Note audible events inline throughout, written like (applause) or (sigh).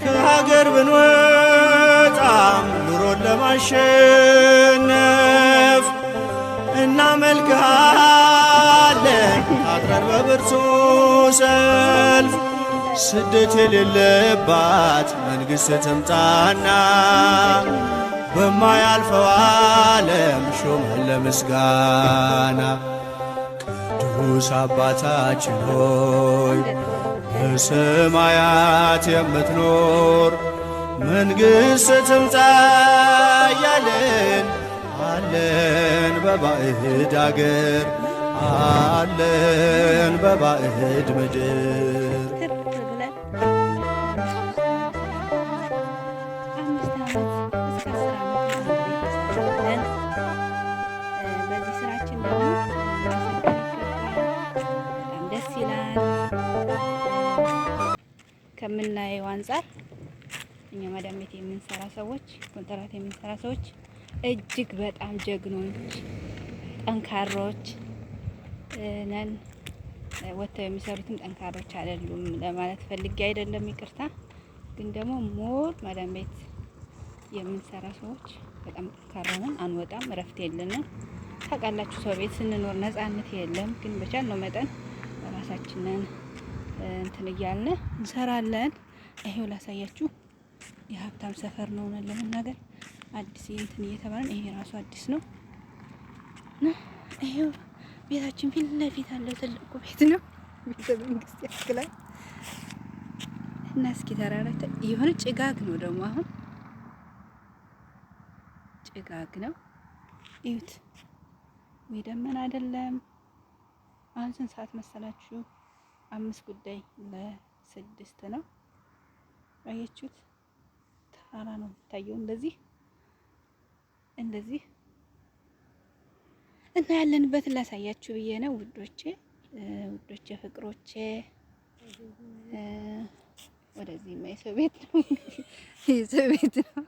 ከሀገር ብንወጣም ኑሮን ለማሸነፍ እናመልካለን አጥረን በብርቱ ሰልፍ ስደት የሌለባት መንግሥት ትምጣና በማያልፈው ዓለም ሾመን ለምስጋና ቅዱስ አባታችን ሆይ በሰማያት የምትኖር መንግሥት ትምጣ እያልን አለን በባዕድ አገር አለን በባዕድ ምድር አንጻር እኛ ማዳም ቤት የምንሰራ ሰዎች፣ ኮንትራት የምንሰራ ሰዎች እጅግ በጣም ጀግኖች፣ ጠንካሮች ነን። ወጥተው የሚሰሩትም ጠንካሮች አይደሉም ለማለት ፈልጌ አይደለም፣ ይቅርታ። ግን ደግሞ ሞር ማዳም ቤት የምንሰራ ሰዎች በጣም ጠንካራ ነን፣ አንወጣም፣ እረፍት የለንም። ታውቃላችሁ፣ ሰው ቤት ስንኖር ነጻነት የለም። ግን በቻልነው መጠን በራሳችንን እንትን እያልን እንሰራለን። ይሄው ላሳያችሁ። የሀብታም ሰፈር ነው ሆነን ለመናገር አዲስ እንትን እየተባለን ይሄ ራሱ አዲስ ነው እና ይሄው ቤታችን ፊት ለፊት አለው። ትልቁ ቤት ነው ቤተ መንግስት ያክላል እና እስኪ ተራራ የሆነ ጭጋግ ነው ደግሞ አሁን ጭጋግ ነው። እዩት ወይ ደመና አይደለም። አሁን ስንት ሰዓት መሰላችሁ? አምስት ጉዳይ ለስድስት ነው። አያችሁት? ተራራ ነው የሚታየው። እንደዚህ እንደዚህ እና ያለንበትን ላሳያችሁ ብዬ ነው ውዶቼ ውዶቼ ፍቅሮቼ ወደዚህ የሰው ቤት ነው (laughs) የሰው ቤት ነው።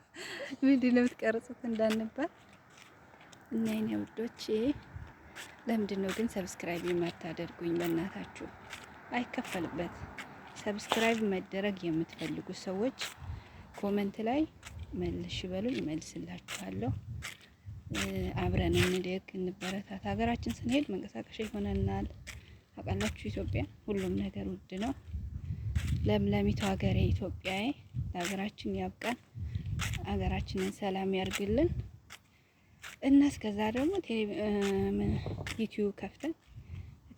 ምንድን ነው የምትቀርጹት እንዳንባል እና የእኔ ውዶቼ ለምንድን ነው ግን ሰብስክራይብ የማታደርጉኝ? በእናታችሁ አይከፈልበት ሰብስክራይብ መደረግ የምትፈልጉ ሰዎች ኮመንት ላይ መልሽ በሉኝ፣ መልስላችኋለሁ። አብረን እንደግ እንበረታት። ሀገራችን ስንሄድ መንቀሳቀሻ ይሆነናል። አውቃላችሁ፣ ኢትዮጵያ ሁሉም ነገር ውድ ነው። ለምለሚቱ ሀገሬ ኢትዮጵያዬ ለሀገራችን ያብቃን፣ ሀገራችንን ሰላም ያርግልን እና እስከዛ ደግሞ ዩቲዩብ ከፍተን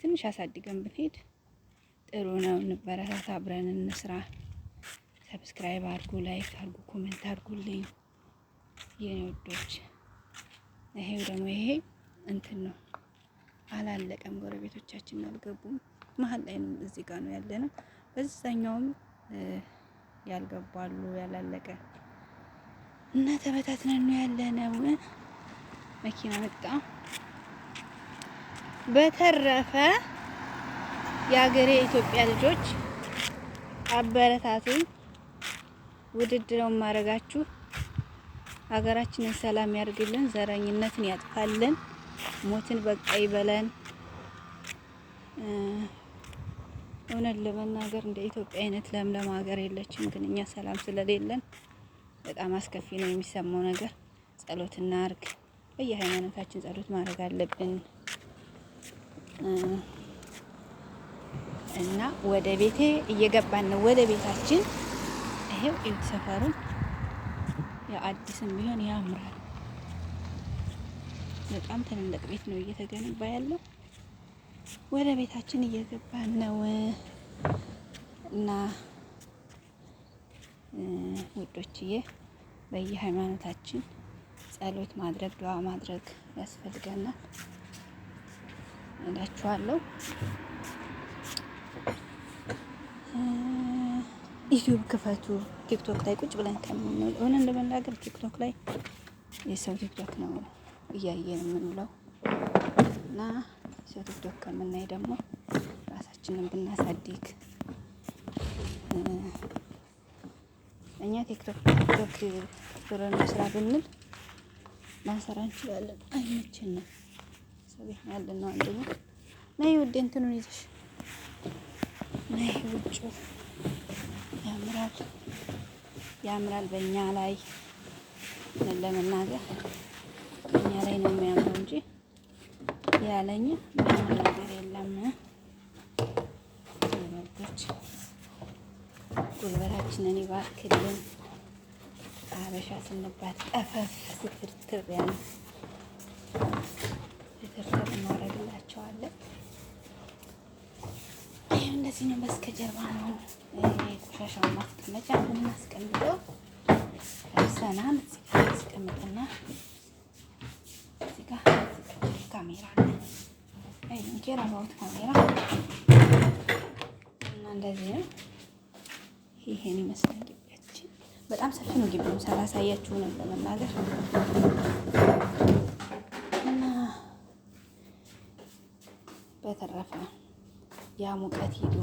ትንሽ አሳድገን ብንሄድ ጥሩ ነው። እንበረታታ፣ አብረን እንስራ። ሰብስክራይብ አድርጉ፣ ላይክ አድርጉ፣ ኮሜንት አድርጉልኝ የኔ ይሄው ደግሞ ይሄ እንትን ነው አላለቀም። ጎረቤቶቻችን አልገቡም። መሀል ላይ እዚህ ጋር ነው ያለ ነው። በዛኛውም ያልገባሉ ያላለቀ እና ተበታትነን ነው ነው። መኪና መጣ። በተረፈ የሀገሬ ኢትዮጵያ ልጆች አበረታቱኝ። ውድድረው ማድረጋችሁ ሀገራችንን ሰላም ያድርግልን፣ ዘረኝነትን ያጥፋልን፣ ሞትን በቃ ይበለን። እውነት ለመናገር እንደ ኢትዮጵያ አይነት ለምለም ሀገር የለችም። ግን እኛ ሰላም ስለሌለን በጣም አስከፊ ነው የሚሰማው ነገር። ጸሎት እናርግ። በየሃይማኖታችን ጸሎት ማድረግ አለብን። እና ወደ ቤቴ እየገባን ነው። ወደ ቤታችን ይሄው እዩት፣ ሰፈሩን አዲስም ቢሆን ያምራል። በጣም ትልልቅ ቤት ነው እየተገነባ ያለው። ወደ ቤታችን እየገባን ነው እና ውዶችዬ በየሃይማኖታችን ጸሎት ማድረግ ዱዓ ማድረግ ያስፈልገናል እላችኋለሁ። ዩቲዩብ ክፈቱ። ቲክቶክ ላይ ቁጭ ብለን ከምንል ሆነ እንደመናገር ቲክቶክ ላይ የሰው ቲክቶክ ነው እያየን የምንውለው እና ሰው ቲክቶክ ከምናይ ደግሞ ራሳችንን ብናሳድግ እኛ ቲክቶክ ቲክቶክ ብር ስራ ብንል ማሰራ እንችላለን። አይመችንም። ሰው ቤት ያለን ነው አንደኛ ናይ ወደ እንትኑን ይዘሽ ነይ ውጭ ያምራል ያምራል። በእኛ ላይ ለመናገር እኛ ላይ ነው የሚያምረው እንጂ ያለኝ ምንም ነገር የለም። የመጎች ጉልበታችንን ይባርክልን። አበሻ ስንባት ጠፈፍ ስትርትር ያለ እዚህ ነው በስተጀርባ ነው የቆሻሻ ማስቀመጫ የምናስቀምጠው። ሰናን እዚህ ጋር አስቀምጥና እዚህ ጋር ካሜራ አይ እንጀራ ባውት ካሜራ እና እንደዚህ ነው። ይሄን ይመስላል ግቢያችን። በጣም ሰፊ ነው ግቢው። ሳላሳያችሁ ነው ለመናገር እና በተረፈ ነው ያ ሙቀት ሂዶ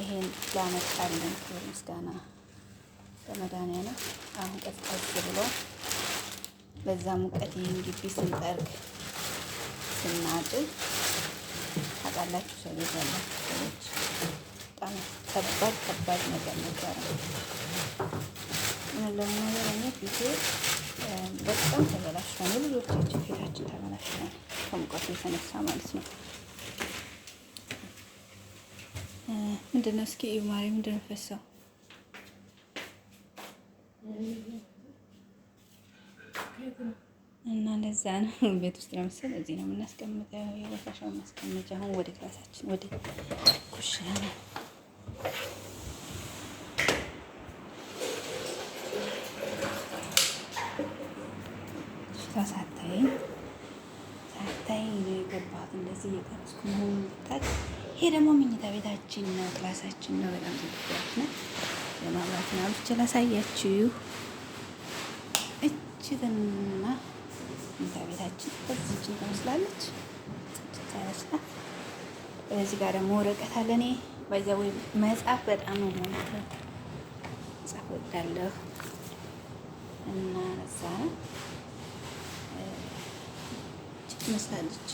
ይሄን ላመጣልን ክብር ምስጋና ለመድኃኒዓለም። አሁን ቀዝቀዝ ብሎ በዛ ሙቀት ይህን ግቢ ስንጠርግ ስናጭል ታውቃላችሁ፣ ሰዎች ያላችሁ ሰዎች በጣም ከባድ ከባድ ነገር ነበረ። ምን ለመሆነ ፊቴ በጣም ተበላሽቷል። ብዙዎቻችን ፊታችን ተበላሽቷል ከሙቀቱ የተነሳ ማለት ነው። ምንድን ነው? እስኪ እዩ ማርያም፣ ምንድን ነው ፈሰው? እና ለዛ ነው (laughs) ቤት ውስጥ ለምሳሌ እዚህ ነው የምናስቀምጠው፣ የበሻሻው ማስቀመጫ። አሁን ወደ ክላሳችን ወደ ኩሽና ሳታይ ሳታይ ነው የገባሁት እንደዚህ እየቀረስኩ መሆኑን ታዲያ ይሄ ደግሞ መኝታ ቤታችን ነው፣ ክላሳችን ነው። በጣም ትንሽ ነው። ነው አብቼ ላሳያችሁ። እችትና መኝታ ቤታችን እዚችን ትመስላለች። እዚህ ጋር ደግሞ ወረቀት አለ። እኔ በዛ መጽሐፍ በጣም ነው ማለት መጽሐፍ ወዳለሁ እና ነሳ ነው ትመስላለች።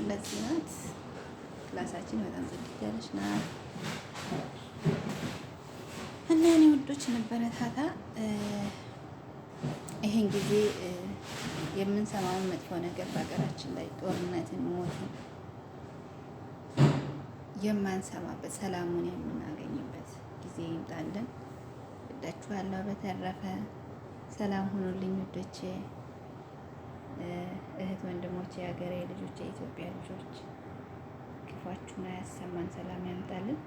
እንደዚህ ናት። ክላሳችን በጣም ጽድት ያለች ናት እና እኔ ውዶች እንበረታታ። ይሄን ጊዜ የምንሰማውን መጥፎ ነገር በሀገራችን ላይ ጦርነትን፣ ሞትን የማንሰማበት ሰላሙን የምናገኝበት ጊዜ ይምጣልን። ወዳችኋለሁ። በተረፈ ሰላም ሁኑልኝ ውዶቼ፣ እህት ወንድሞቼ፣ የሀገሬ ልጆች፣ የኢትዮጵያ ልጆች ክፋችሁን አያሰማን፣ ሰላም ያምጣልን።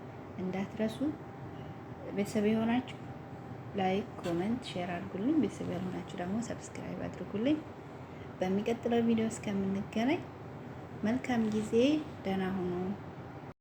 እንዳትረሱ ቤተሰብ የሆናችሁ ላይክ፣ ኮመንት፣ ሼር አድርጉልኝ። ቤተሰብ ያልሆናችሁ ደግሞ ሰብስክራይብ አድርጉልኝ። በሚቀጥለው ቪዲዮ እስከምንገናኝ መልካም ጊዜ፣ ደህና ሁኑ።